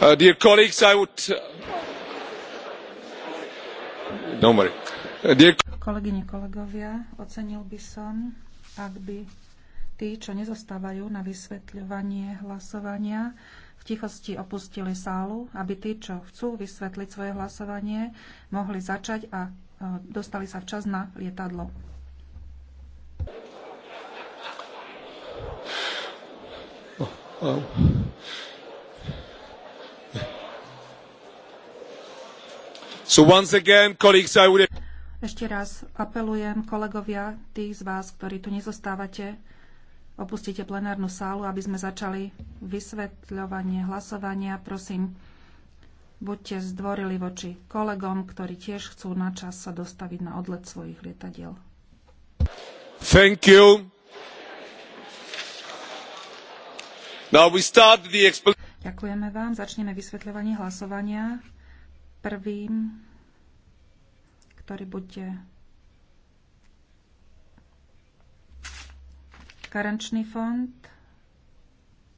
Uh, dear colleagues, I would... Uh, don't worry. Uh, dear... Kolegyne, kolegovia, ocenil by som, ak by tí, čo nezostávajú na vysvetľovanie hlasovania, v tichosti opustili sálu, aby tí, čo chcú vysvetliť svoje hlasovanie, mohli začať a dostali sa včas na lietadlo. Oh, oh. So once again, colleagues, I would... Ešte raz apelujem, kolegovia, tých z vás, ktorí tu nezostávate, opustite plenárnu sálu, aby sme začali vysvetľovanie hlasovania. Prosím, buďte zdvorili voči kolegom, ktorí tiež chcú na čas sa dostaviť na odlet svojich lietadiel. Thank you. Now we start the Ďakujeme vám. Začneme vysvetľovanie hlasovania prvým, ktorý bude karenčný fond